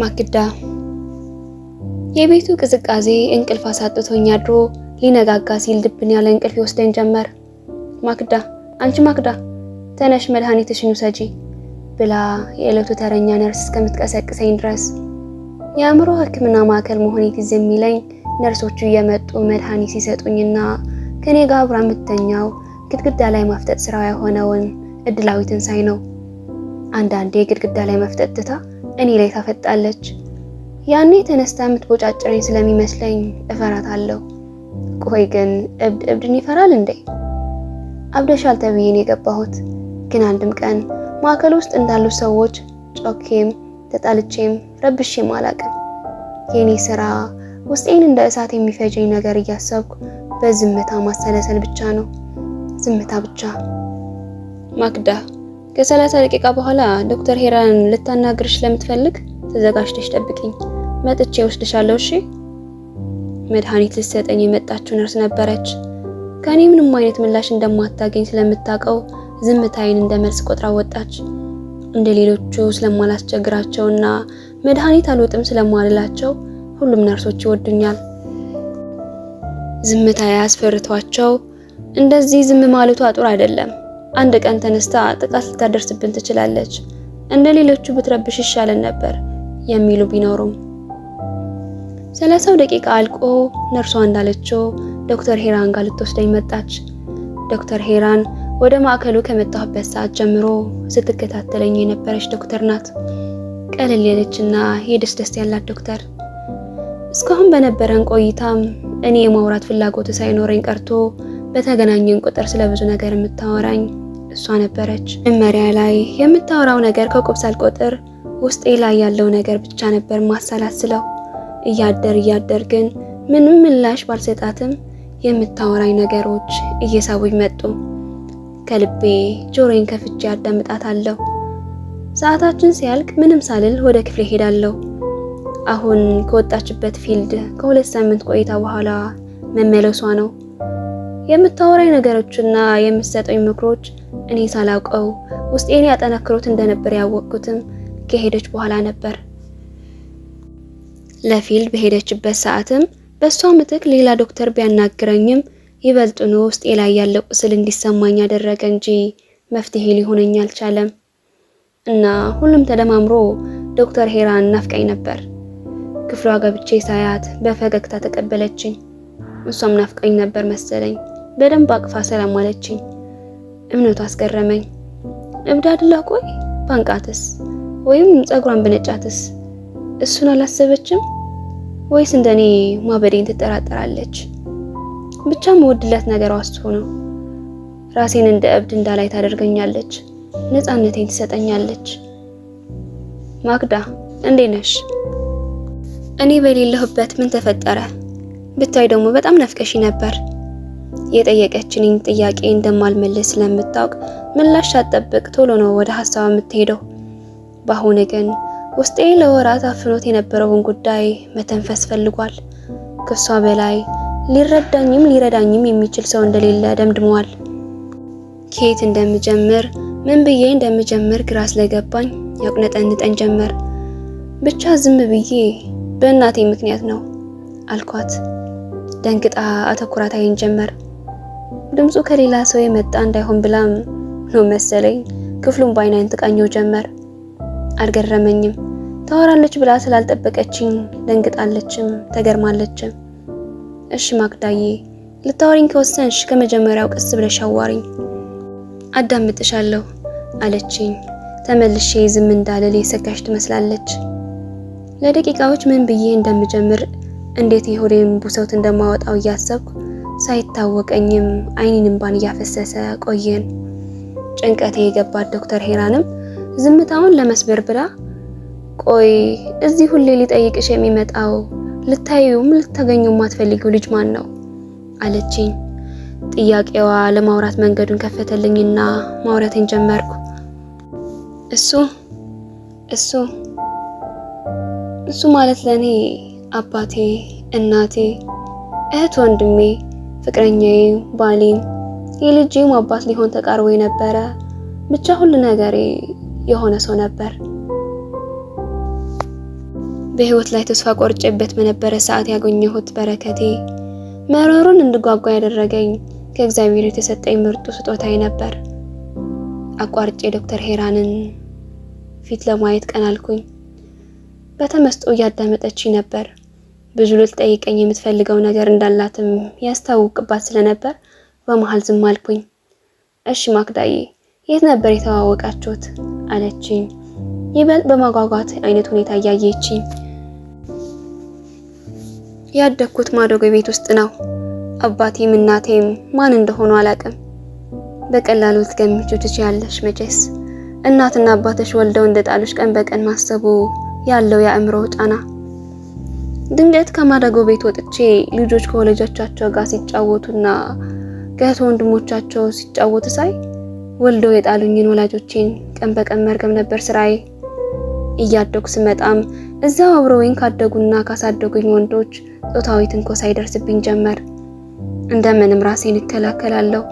ማክዳ የቤቱ ቅዝቃዜ እንቅልፍ አሳጥቶኝ አድሮ ሊነጋጋ ሲል ድብን ያለ እንቅልፍ ይወስደኝ ጀመር። ማክዳ አንቺ ማክዳ ተነሽ መድኃኒትሽን ውሰጂ ብላ የዕለቱ ተረኛ ነርስ እስከምትቀሰቅሰኝ ድረስ የአእምሮ ሕክምና ማዕከል መሆኔ ትዝ የሚለኝ ነርሶቹ እየመጡ መድኃኒት ሲሰጡኝና ከኔ ጋር አብራ የምተኛው ግድግዳ ላይ ማፍጠጥ ስራ የሆነውን እድላዊ ሳይ ነው። አንዳንዴ ግድግዳ ላይ መፍጠጥ ትታ እኔ ላይ ታፈጣለች። ያኔ ተነስታ የምትቦጫጭረኝ ስለሚመስለኝ እፈራታለሁ። ቆይ ግን እብድ እብድን ይፈራል እንዴ? አብደሻል ተብዬን የገባሁት ግን አንድም ቀን ማዕከል ውስጥ እንዳሉ ሰዎች ጮኬም ተጣልቼም ረብሼም አላቅም። የኔ ስራ ውስጤን እንደ እሳት የሚፈጀኝ ነገር እያሰብኩ በዝምታ ማሰለሰል ብቻ ነው። ዝምታ ብቻ። ማክዳ ከሰላሳ ደቂቃ በኋላ ዶክተር ሄራን ልታናግርሽ ስለምትፈልግ ተዘጋጅተሽ ጠብቅኝ፣ መጥቼ ወስድሻለሁ። እሺ። መድኃኒት ልትሰጠኝ የመጣችው ነርስ ነበረች። ከኔ ምንም አይነት ምላሽ እንደማታገኝ ስለምታውቀው ዝምታዬን እንደ መልስ ቆጥራ ወጣች። እንደ ሌሎቹ ስለማላስቸግራቸውና መድኃኒት አልወጥም ስለማልላቸው ሁሉም ነርሶች ይወዱኛል። ዝምታ ያስፈርቷቸው እንደዚህ ዝም ማለቷ ጥሩ አይደለም። አንድ ቀን ተነስታ ጥቃት ልታደርስብን ትችላለች፣ እንደ ሌሎቹ ብትረብሽ ይሻለን ነበር የሚሉ ቢኖሩም ሰላሳው ደቂቃ አልቆ ነርሷ እንዳለችው ዶክተር ሄራን ጋር ልትወስደኝ መጣች። ዶክተር ሄራን ወደ ማዕከሉ ከመጣሁበት ሰዓት ጀምሮ ስትከታተለኝ የነበረች ዶክተር ናት። ቀለል ያለችና የደስ ደስ ያላት ዶክተር። እስካሁን በነበረን ቆይታም እኔ የማውራት ፍላጎት ሳይኖረኝ ቀርቶ በተገናኘን ቁጥር ስለብዙ ነገር የምታወራኝ እሷ ነበረች። መመሪያ ላይ የምታወራው ነገር ከቁብ ሳልቆጥር ውስጤ ላይ ያለው ነገር ብቻ ነበር ማሰላስለው። እያደር እያደር ግን ምንም ምላሽ ባልሰጣትም የምታወራኝ ነገሮች እየሳቡኝ መጡ። ከልቤ ጆሮዬን ከፍቼ አዳምጣታለሁ። ሰዓታችን ሲያልቅ ምንም ሳልል ወደ ክፍሌ ሄዳለሁ። አሁን ከወጣችበት ፊልድ ከሁለት ሳምንት ቆይታ በኋላ መመለሷ ነው። የምታወራኝ ነገሮችና የምትሰጠኝ ምክሮች እኔ ሳላውቀው ውስጤን ያጠነክሩት እንደነበር ያወቅኩትም ከሄደች በኋላ ነበር። ለፊልድ በሄደችበት ሰዓትም በእሷ ምትክ ሌላ ዶክተር ቢያናግረኝም ይበልጡኑ ውስጤ ላይ ያለው ቁስል እንዲሰማኝ ያደረገ እንጂ መፍትሄ ሊሆነኝ አልቻለም እና ሁሉም ተደማምሮ ዶክተር ሄራን ናፍቀኝ ነበር። ክፍሏ ገብቼ ሳያት በፈገግታ ተቀበለችኝ። እሷም ናፍቀኝ ነበር መሰለኝ። በደንብ አቅፋ ሰላም አለችኝ። እምነቱ አስገረመኝ። እብድ አድላ ቆይ ባንቃትስ ወይም ጸጉሯን ብነጫትስ እሱን አላሰበችም ወይስ እንደኔ ማበዴን ትጠራጠራለች? ብቻ መወድላት ነገር እሱ ነው። ራሴን እንደ እብድ እንዳላይ ታደርገኛለች፣ ነፃነቴን ትሰጠኛለች። ማክዳ እንዴ ነሽ? እኔ በሌለሁበት ምን ተፈጠረ? ብታይ ደግሞ በጣም ነፍቀሽ ነበር። የጠየቀችኝን ጥያቄ እንደማልመልስ ስለምታውቅ ምላሽ አጠብቅ ቶሎ ነው ወደ ሀሳብ የምትሄደው። በአሁን ግን ውስጤ ለወራት አፍኖት የነበረውን ጉዳይ መተንፈስ ፈልጓል። ከሷ በላይ ሊረዳኝም ሊረዳኝም የሚችል ሰው እንደሌለ ደምድመዋል። ከየት እንደምጀምር ምን ብዬ እንደምጀምር ግራ ስለገባኝ ያቁነጠንጠን ጀመር። ብቻ ዝም ብዬ በእናቴ ምክንያት ነው አልኳት። ደንግጣ አተኩራ ታይን ጀመር። ድምፁ ከሌላ ሰው የመጣ እንዳይሆን ብላም ነው መሰለኝ ክፍሉን በአይናይን ትቃኘው ጀመር። አልገረመኝም። ታወራለች ብላ ስላልጠበቀችኝ ደንግጣለችም ተገርማለችም። እሺ ማክዳዬ ልታወሪኝ ከወሰንሽ ከመጀመሪያው ቀስ ብለሽ አዋሪኝ አዳምጥሻለሁ አለችኝ። ተመልሼ ዝም እንዳልል የሰጋሽ ትመስላለች። ለደቂቃዎች ምን ብዬ እንደምጀምር እንዴት የሆዴን ቡሰውት እንደማወጣው እያሰብኩ ሳይታወቀኝም አይኔን እንባን እያፈሰሰ ቆየን። ጭንቀቴ የገባት ዶክተር ሄራንም ዝምታውን ለመስበር ብላ ቆይ እዚህ ሁሌ ሊጠይቅሽ የሚመጣው ልታዩም ልታገኙ ማትፈልጊው ልጅ ማን ነው አለችኝ። ጥያቄዋ ለማውራት መንገዱን ከፈተልኝና ማውራቴን ጀመርኩ። እሱ እሱ እሱ ማለት ለእኔ አባቴ፣ እናቴ፣ እህት ወንድሜ፣ ፍቅረኛዬ፣ ባሌም የልጄም አባት ሊሆን ተቃርቦ የነበረ ብቻ ሁሉ ነገሬ የሆነ ሰው ነበር። በህይወት ላይ ተስፋ ቆርጬበት በነበረ ሰዓት ያገኘሁት በረከቴ መሮሩን እንድጓጓ ያደረገኝ ከእግዚአብሔር የተሰጠኝ ምርጡ ስጦታዬ ነበር። አቋርጬ ዶክተር ሄራንን ፊት ለማየት ቀን በተመስጦ እያዳመጠችኝ ነበር። ብዙ ልትጠይቀኝ የምትፈልገው ነገር እንዳላትም ያስታውቅባት ስለነበር በመሀል ዝም አልኩኝ። እሺ ማክዳዬ የት ነበር የተዋወቃችሁት? አለችኝ ይበልጥ በማጓጓት አይነት ሁኔታ እያየችኝ። ያደግኩት ማደጎ ቤት ውስጥ ነው። አባቴም እናቴም ማን እንደሆኑ አላቅም። በቀላሉ ልትገምቹ ትችያለሽ መቼስ። እናትና አባትሽ ወልደው እንደጣሉሽ ቀን በቀን ማሰቡ ያለው የአእምሮ ጫና ድንገት ከማደጎ ቤት ወጥቼ ልጆች ከወላጆቻቸው ጋር ሲጫወቱና ከእህት ወንድሞቻቸው ሲጫወቱ ሳይ ወልደው የጣሉኝን ወላጆቼን ቀን በቀን መርገም ነበር ስራዬ። እያደጉ ስመጣም እዚያው አብረውኝ ካደጉና ካሳደጉኝ ወንዶች ጾታዊ ትንኮሳ ይደርስብኝ ጀመር። እንደምንም ራሴን እከላከላለሁ፣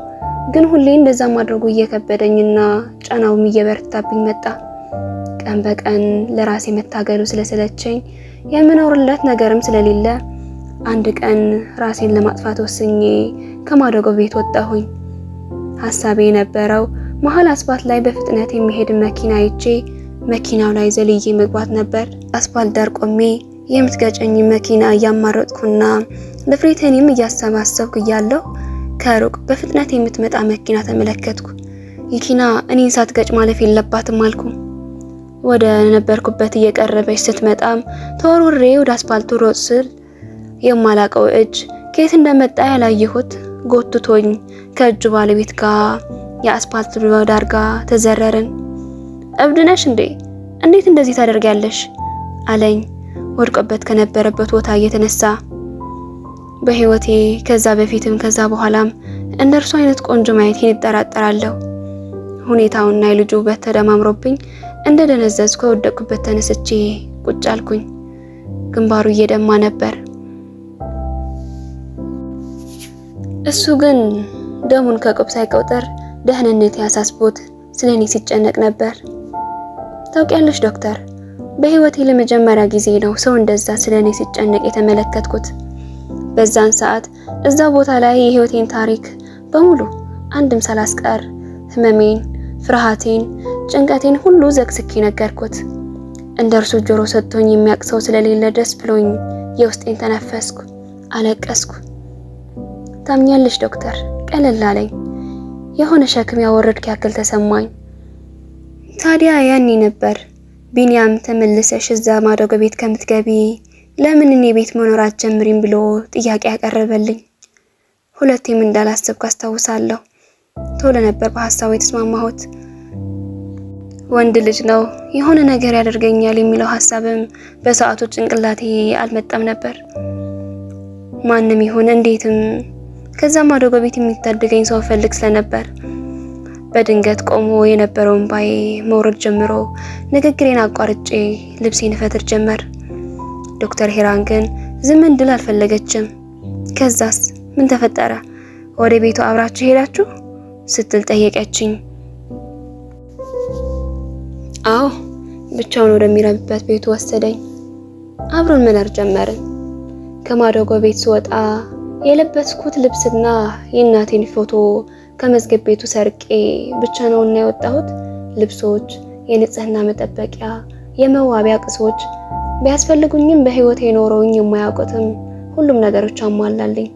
ግን ሁሌ እንደዛ ማድረጉ እየከበደኝና ጫናውም እየበረታብኝ መጣ። ቀን በቀን ለራሴ መታገሉ ስለሰለቸኝ የምኖርለት ነገርም ስለሌለ አንድ ቀን ራሴን ለማጥፋት ወስኜ ከማደጎ ቤት ወጣሁኝ። ሀሳቤ የነበረው መሀል አስፋልት ላይ በፍጥነት የሚሄድ መኪና አይቼ መኪናው ላይ ዘልዬ መግባት ነበር። አስፋልት ዳር ቆሜ የምትገጨኝ መኪና እያማረጥኩና ድፍረቴንም እያሰባሰብኩ እያለሁ ከሩቅ በፍጥነት የምትመጣ መኪና ተመለከትኩ። ይኪና እኔን ሳትገጭ ማለፍ የለባትም አልኩ። ወደ ነበርኩበት እየቀረበች ስትመጣም ተወርውሬ ወደ አስፓልቱ ሮጥ ስል የማላቀው እጅ ከየት እንደመጣ ያላየሁት ጎትቶኝ ከእጁ ባለቤት ጋር የአስፓልት ዳር ጋር ተዘረርን። እብድነሽ እንዴ እንዴት እንደዚህ ታደርጊያለሽ? አለኝ ወድቆበት ከነበረበት ቦታ እየተነሳ። በህይወቴ ከዛ በፊትም ከዛ በኋላም እንደርሱ አይነት ቆንጆ ማየት ይጠራጠራለሁ። ሁኔታውና የልጁ ውበት ተደማምሮብኝ እንደ ደነዘዝ ከወደቅኩበት ተነስቼ ቁጭ አልኩኝ። ግንባሩ እየደማ ነበር። እሱ ግን ደሙን ከቁብ ሳይቆጥር ደህንነት ያሳስቦት ስለኔ ሲጨነቅ ነበር። ታውቂያለሽ ዶክተር፣ በህይወቴ ለመጀመሪያ ጊዜ ነው ሰው እንደዛ ስለኔ ሲጨነቅ የተመለከትኩት። በዛን ሰዓት እዛ ቦታ ላይ የህይወቴን ታሪክ በሙሉ አንድም ሳላስቀር ህመሜን፣ ፍርሃቴን፣ ጭንቀቴን ሁሉ ዘግዝኬ ነገርኩት። እንደ እርሱ ጆሮ ሰጥቶኝ የሚያውቅ ሰው ስለሌለ ደስ ብሎኝ የውስጤን ተነፈስኩ፣ አለቀስኩ። ታምኛለሽ ዶክተር ቀለል አለኝ። የሆነ ሸክም ያወረድክ ያክል ተሰማኝ። ታዲያ ያኔ ነበር ቢንያም ተመልሰሽ እዛ ማደጎ ቤት ከምትገቢ ለምን እኔ ቤት መኖር አትጀምሪም ብሎ ጥያቄ ያቀረበልኝ። ሁለቴም እንዳላሰብኩ አስታውሳለሁ። ቶሎ ነበር በሀሳቡ የተስማማሁት። ወንድ ልጅ ነው የሆነ ነገር ያደርገኛል የሚለው ሀሳብም በሰዓቱ ጭንቅላቴ አልመጣም ነበር። ማንም ይሁን እንዴትም ከዛ ማዶ በቤት የሚታደገኝ ሰው ፈልግ ስለነበር በድንገት ቆሞ የነበረውን ባዬ መውረድ ጀምሮ ንግግሬን አቋርጬ ልብሴን ፈትር ጀመር። ዶክተር ሄራን ግን ዝም እንድል አልፈለገችም። ከዛስ ምን ተፈጠረ? ወደ ቤቱ አብራችሁ ሄዳችሁ ስትል ጠየቀችኝ። አዎ ብቻውን ወደሚረብበት ቤቱ ወሰደኝ። አብሮን መነር ጀመርን። ከማደጎ ቤት ስወጣ የለበስኩት ልብስና የእናቴን ፎቶ ከመዝገብ ቤቱ ሰርቄ ብቻ ነውና የወጣሁት። ልብሶች፣ የንጽህና መጠበቂያ፣ የመዋቢያ ቅሶች ቢያስፈልጉኝም በህይወት የኖረውኝ የማያውቁትም ሁሉም ነገሮች አሟላልኝ።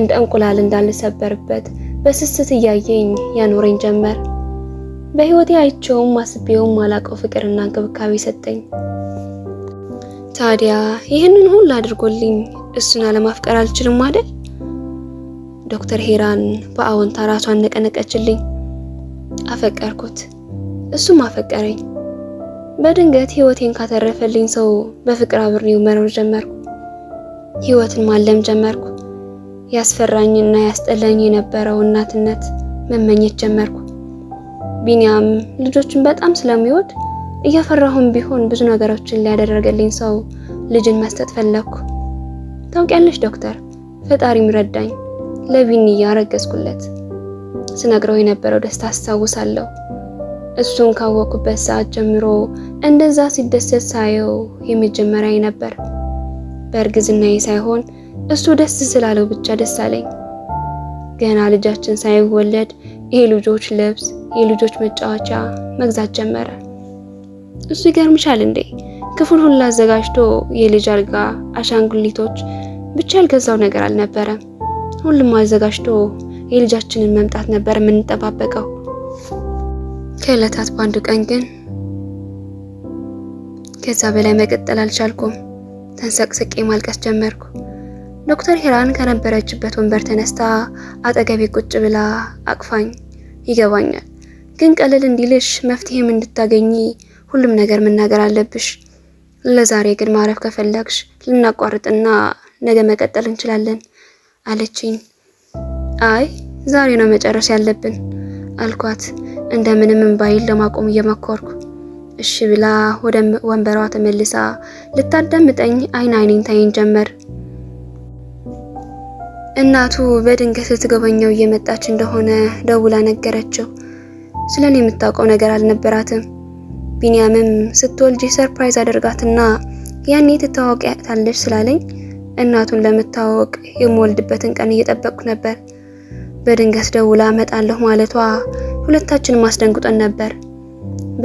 እንደ እንቁላል እንዳልሰበርበት በስስት እያየኝ ያኖረኝ ጀመር። በህይወቴ አይቼውም አስቤውም ማላቀው ፍቅርና እንክብካቤ ሰጠኝ። ታዲያ ይህንን ሁሉ አድርጎልኝ እሱን አለማፍቀር አልችልም አይደል? ዶክተር ሄራን በአዎንታ ራሷን ነቀነቀችልኝ። አፈቀርኩት፣ እሱም አፈቀረኝ። በድንገት ህይወቴን ካተረፈልኝ ሰው በፍቅር አብሬው መኖር ጀመርኩ። ህይወትን ማለም ጀመርኩ። ያስፈራኝና ያስጠላኝ የነበረው እናትነት መመኘት ጀመርኩ። ቢኒያም ልጆችን በጣም ስለሚወድ እያፈራሁን ቢሆን ብዙ ነገሮችን ሊያደረገልኝ ሰው ልጅን መስጠት ፈለግኩ። ታውቂያለሽ ዶክተር፣ ፈጣሪም ረዳኝ፣ ለቢኒ ያረገዝኩለት ስነግረው የነበረው ደስታ አስታውሳለሁ። እሱን ካወቅኩበት ሰዓት ጀምሮ እንደዛ ሲደሰት ሳየው የመጀመሪያ ነበር። በእርግዝናዬ ሳይሆን እሱ ደስ ስላለው ብቻ ደስ አለኝ። ገና ልጃችን ሳይወለድ ይሄ ልጆች ልብስ የልጆች መጫወቻ መግዛት ጀመረ። እሱ ይገርምሻል እንዴ ክፍል ሁሉ አዘጋጅቶ የልጅ አልጋ፣ አሻንጉሊቶች ብቻ ያልገዛው ነገር አልነበረም። ሁሉም አዘጋጅቶ የልጃችንን መምጣት ነበር የምንጠባበቀው። ከእለታት በአንዱ ቀን ግን ከዛ በላይ መቀጠል አልቻልኩም። ተንሰቅስቄ ማልቀስ ጀመርኩ። ዶክተር ሄራን ከነበረችበት ወንበር ተነስታ አጠገቤ ቁጭ ብላ አቅፋኝ፣ ይገባኛል ግን ቀለል እንዲልሽ መፍትሄም እንድታገኝ ሁሉም ነገር መናገር አለብሽ። ለዛሬ ግን ማረፍ ከፈለግሽ ልናቋርጥና ነገ መቀጠል እንችላለን አለችኝ። አይ ዛሬ ነው መጨረስ ያለብን አልኳት፣ እንደምንም እምባይን ለማቆም እየሞከርኩ። እሺ ብላ ወደ ወንበሯ ተመልሳ ልታዳምጠኝ አይን አይኔን ታይን ጀመር። እናቱ በድንገት ልትጎበኘው እየመጣች እንደሆነ ደውላ ነገረችው። ስለ እኔ የምታውቀው ነገር አልነበራትም። ቢንያምም ስትወልጅ ሰርፕራይዝ አደርጋትና ያኔ ትታወቂያታለች ስላለኝ እናቱን ለምታወቅ የምወልድበትን ቀን እየጠበቅኩ ነበር። በድንገት ደውላ እመጣለሁ ማለቷ ሁለታችንም አስደንግጦን ነበር።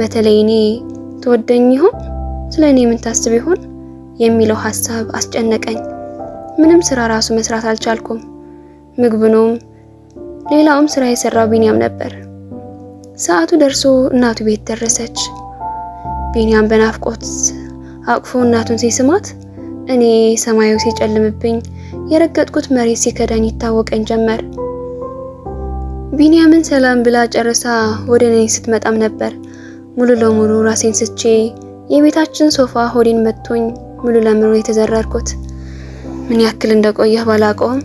በተለይ እኔ ትወደኝ ይሆን፣ ስለ እኔ ምን ታስብ ይሆን የሚለው ሀሳብ አስጨነቀኝ። ምንም ስራ ራሱ መስራት አልቻልኩም። ምግብኑም ሌላውም ስራ የሰራው ቢንያም ነበር። ሰዓቱ ደርሶ እናቱ ቤት ደረሰች። ቢንያም በናፍቆት አቅፎ እናቱን ሲስማት እኔ ሰማዩ ሲጨልምብኝ የረገጥኩት መሬት ሲከዳኝ ይታወቀኝ ጀመር። ቢንያምን ሰላም ብላ ጨርሳ ወደ እኔ ስትመጣም ነበር ሙሉ ለሙሉ ራሴን ስቼ የቤታችን ሶፋ ሆዴን መጥቶኝ ሙሉ ለሙሉ የተዘረርኩት። ምን ያክል እንደቆየህ ባላውቀውም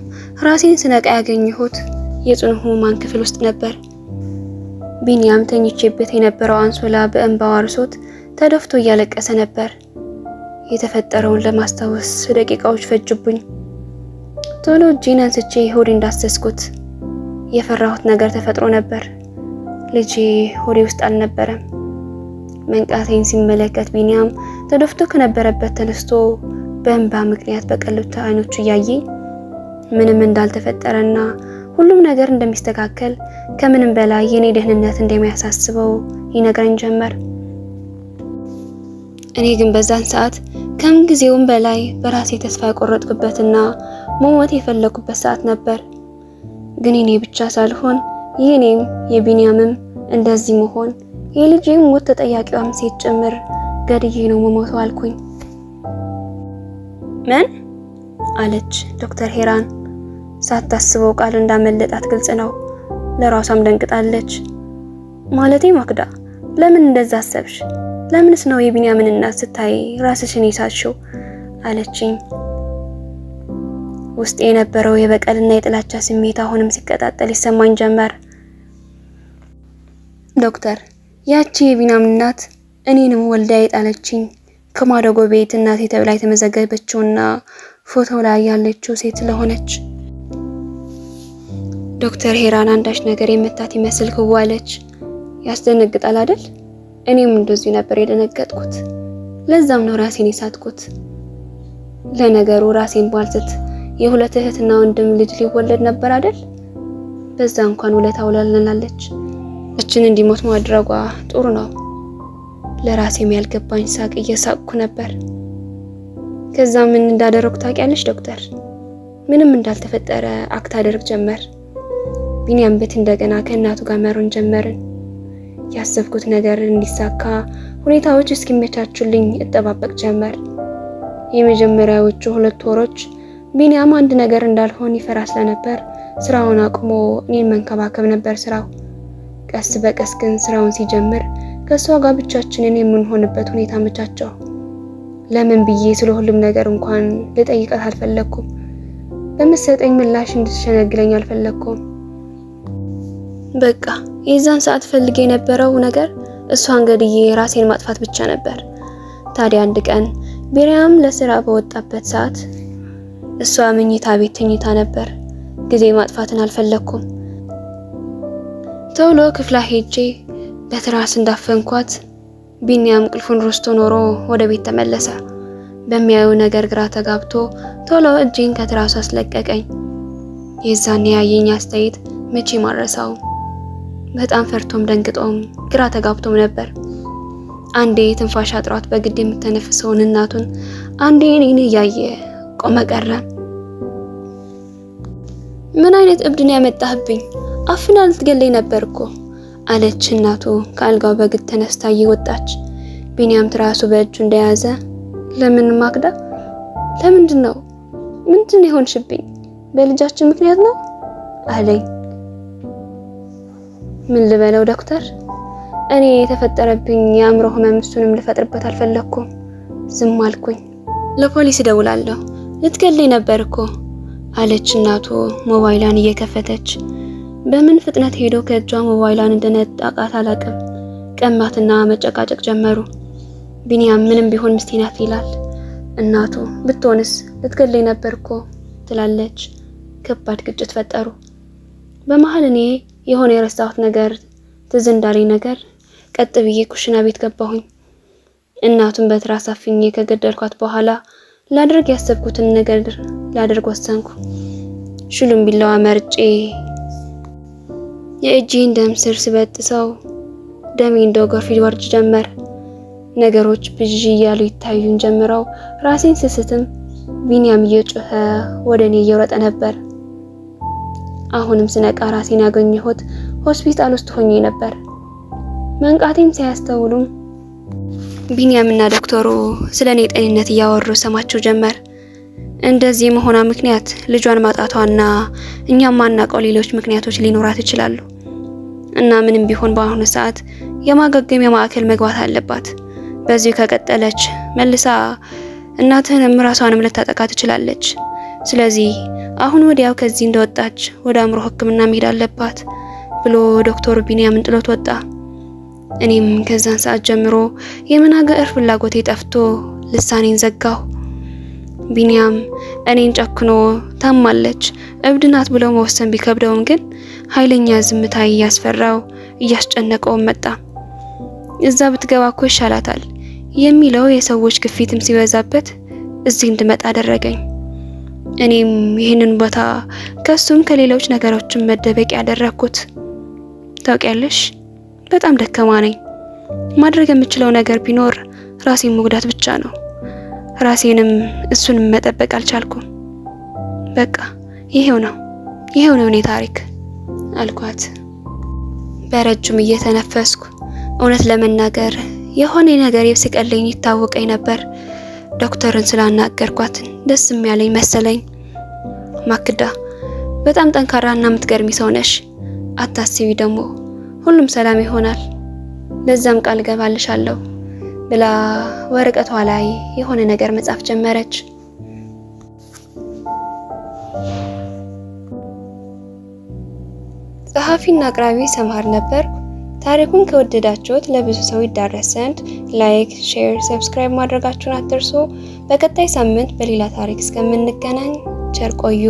ራሴን ስነቃ ያገኘሁት የጽኑ ማን ክፍል ውስጥ ነበር። ቢንያም ተኝቼበት የነበረው አንሶላ በእንባው አርሶት ተደፍቶ እያለቀሰ ነበር። የተፈጠረውን ለማስታወስ ደቂቃዎች ፈጅብኝ። ቶሎ እጄን አንስቼ ሆዴ እንዳሰስኩት የፈራሁት ነገር ተፈጥሮ ነበር። ልጄ ሆዴ ውስጥ አልነበረም። መንቃቴን ሲመለከት ቢንያም ተደፍቶ ከነበረበት ተነስቶ በእንባ ምክንያት በቀልብታ አይኖቹ እያየኝ ምንም እንዳልተፈጠረና ሁሉም ነገር እንደሚስተካከል ከምንም በላይ የኔ ደህንነት እንደሚያሳስበው ይነግረኝ ጀመር። እኔ ግን በዛን ሰዓት ከምን ጊዜውም በላይ በራሴ ተስፋ የቆረጥኩበትና መሞት የፈለኩበት ሰዓት ነበር። ግን እኔ ብቻ ሳልሆን የኔም የቢንያምም እንደዚህ መሆን የልጄም ሞት ተጠያቂዋም ሴት ጭምር ገድዬ ነው መሞተው አልኩኝ። ምን አለች ዶክተር ሄራን ሳታስበው ቃል እንዳመለጣት ግልጽ ነው። ለራሷም ደንቅጣለች። ማለቴ ማክዳ ለምን እንደዛ አሰብሽ? ለምንስ ነው የቢንያምን እናት ስታይ ራስሽን የሳትሽው? አለችኝ። ውስጥ የነበረው የበቀልና የጥላቻ ስሜት አሁንም ሲቀጣጠል ይሰማኝ ጀመር። ዶክተር ያቺ የቢንያምን እናት እኔንም ወልዳ የጣለችኝ ከማደጎ ቤት እናቴ ተብላ የተመዘገበችውና ፎቶ ላይ ያለችው ሴት ስለሆነች ዶክተር ሄራን አንዳች ነገር የመታት ይመስል ክዋለች ያስደነግጣል አደል። እኔም እንደዚህ ነበር የደነገጥኩት። ለዛም ነው ራሴን የሳትኩት። ለነገሩ ራሴን ባልስት የሁለት እህትና ወንድም ልጅ ሊወለድ ነበር አይደል? በዛ እንኳን ውለታ ውላለች። እችን እንዲሞት ማድረጓ ጥሩ ነው። ለራሴም ያልገባኝ ሳቅ እየሳቅኩ ነበር። ከዛ ምን እንዳደረኩ ታውቂያለሽ ዶክተር? ምንም እንዳልተፈጠረ አክታ አደርግ ጀመር። ቢንያም ቤት እንደገና ከእናቱ ጋር መሮን ጀመርን። ያሰብኩት ነገር እንዲሳካ ሁኔታዎች እስኪመቻቹልኝ እጠባበቅ ጀመር። የመጀመሪያዎቹ ሁለት ወሮች ቢንያም አንድ ነገር እንዳልሆን ይፈራ ስለነበር ስራውን አቁሞ እኔን መንከባከብ ነበር ስራው። ቀስ በቀስ ግን ስራውን ሲጀምር ከእሷ ጋር ብቻችንን የምንሆንበት ሁኔታ መቻቸው። ለምን ብዬ ስለ ሁሉም ነገር እንኳን ልጠይቃት አልፈለግኩም። በምትሰጠኝ ምላሽ እንድትሸነግለኝ አልፈለግኩም። በቃ የዛን ሰዓት ፈልጌ የነበረው ነገር እሷን ገድዬ ራሴን ማጥፋት ብቻ ነበር። ታዲያ አንድ ቀን ቢሪያም ለስራ በወጣበት ሰዓት እሷ መኝታ ቤት ተኝታ ነበር። ጊዜ ማጥፋትን አልፈለኩም። ቶሎ ክፍላ ሄጄ በትራስ እንዳፈንኳት ቢኒያም ቅልፉን ረስቶ ኖሮ ወደ ቤት ተመለሰ። በሚያየው ነገር ግራ ተጋብቶ ቶሎ እጄን ከትራሱ አስለቀቀኝ። የዛን ያየኝ አስተያየት መቼ አልረሳውም። በጣም ፈርቶም ደንግጦም ግራ ተጋብቶም ነበር። አንዴ ትንፋሽ አጥሯት በግድ የምተነፍሰውን እናቱን፣ አንዴ እኔን እያየ ቆመ ቀረ። ምን አይነት እብድን ያመጣህብኝ? አፍና ልትገለኝ ነበር እኮ አለች እናቱ ከአልጋው በግድ ተነስታ እየወጣች። ቢንያም ትራሱ በእጁ እንደያዘ ለምን ማክዳ፣ ለምንድን ነው ምንድን የሆንሽብኝ? በልጃችን ምክንያት ነው አለኝ። ምን ልበለው ዶክተር፣ እኔ የተፈጠረብኝ የአእምሮ ህመም እሱንም ልፈጥርበት አልፈለግኩም። ዝም አልኩኝ። ለፖሊስ እደውላለሁ፣ ልትገለኝ ነበር እኮ አለች እናቱ ሞባይሏን እየከፈተች። በምን ፍጥነት ሄዶ ከእጇ ሞባይሏን እንደነጠቃት አላቅም። ቀማትና መጨቃጨቅ ጀመሩ። ቢኒያም ምንም ቢሆን ሚስቴ ናት ይላል። እናቱ ብትሆንስ ልትገለኝ ነበር እኮ ትላለች። ከባድ ግጭት ፈጠሩ። በመሀል እኔ የሆነ የረሳሁት ነገር ትዝ እንዳለኝ ነገር ቀጥ ብዬ ኩሽና ቤት ገባሁኝ። እናቱን በትራስ አፍኜ ከገደልኳት በኋላ ላድርግ ያሰብኩትን ነገር ላድርግ ወሰንኩ። ሹሉም ቢላዋ መርጬ የእጄን ደም ስር ስበጥሰው ደሜ እንደ ጎርፍ ይወርድ ጀመር። ነገሮች ብዥ እያሉ ይታዩን ጀምረው ራሴን ስስትም ቢንያም እየጮኸ ወደ እኔ ነበር። አሁንም ስነቃ ራሴን ያገኘሁት ሆስፒታል ውስጥ ሆኜ ነበር። መንቃቴን ሳያስተውሉም ቢንያምና ዶክተሩ ስለ እኔ ጤንነት እያወሩ ሰማቸው ጀመር። እንደዚህ የመሆኗ ምክንያት ልጇን ማጣቷና እኛም ማናቀው ሌሎች ምክንያቶች ሊኖራት ይችላሉ እና ምንም ቢሆን በአሁኑ ሰዓት የማገገሚያ ማዕከል መግባት አለባት። በዚሁ ከቀጠለች መልሳ እናትህንም ራሷንም ልታጠቃ ትችላለች። ስለዚህ አሁን ወዲያው ከዚህ እንደወጣች ወደ አእምሮ ሕክምና መሄድ አለባት ብሎ ዶክተር ቢንያምን ጥሎት ወጣ። እኔም ከዛን ሰዓት ጀምሮ የመናገር ፍላጎቴ ጠፍቶ ልሳኔን ዘጋሁ። ቢንያም እኔን ጨክኖ ታማለች እብድ ናት ብሎ መወሰን ቢከብደውም ግን ኃይለኛ ዝምታ እያስፈራው እያስጨነቀውም መጣ። እዛ ብትገባ እኮ ይሻላታል የሚለው የሰዎች ግፊትም ሲበዛበት እዚህ እንድመጣ አደረገኝ። እኔም ይህንን ቦታ ከሱም ከሌሎች ነገሮችን መደበቅ ያደረግኩት ታውቂያለሽ፣ በጣም ደከማ ነኝ። ማድረግ የምችለው ነገር ቢኖር ራሴን መጉዳት ብቻ ነው። ራሴንም እሱንም መጠበቅ አልቻልኩም። በቃ ይሄው ነው፣ ይሄው ነው እኔ ታሪክ አልኳት። በረጅም እየተነፈስኩ እውነት ለመናገር የሆነ ነገር የብስቀልኝ ይታወቀኝ ነበር። ዶክተርን ስላናገርኳት ደስም ያለኝ መሰለኝ። ማክዳ በጣም ጠንካራ እና የምትገርሚ ሰው ነሽ። አታስቢ ደግሞ ሁሉም ሰላም ይሆናል፣ ለዛም ቃል ገባልሻለሁ ብላ ወረቀቷ ላይ የሆነ ነገር መጻፍ ጀመረች። ጸሐፊና አቅራቢ ሰማር ነበር። ታሪኩን ከወደዳችሁት ለብዙ ሰው ይዳረስ ዘንድ ላይክ፣ ሼር፣ ሰብስክራይብ ማድረጋችሁን አትርሱ። በቀጣይ ሳምንት በሌላ ታሪክ እስከምንገናኝ ቸር ቆዩ።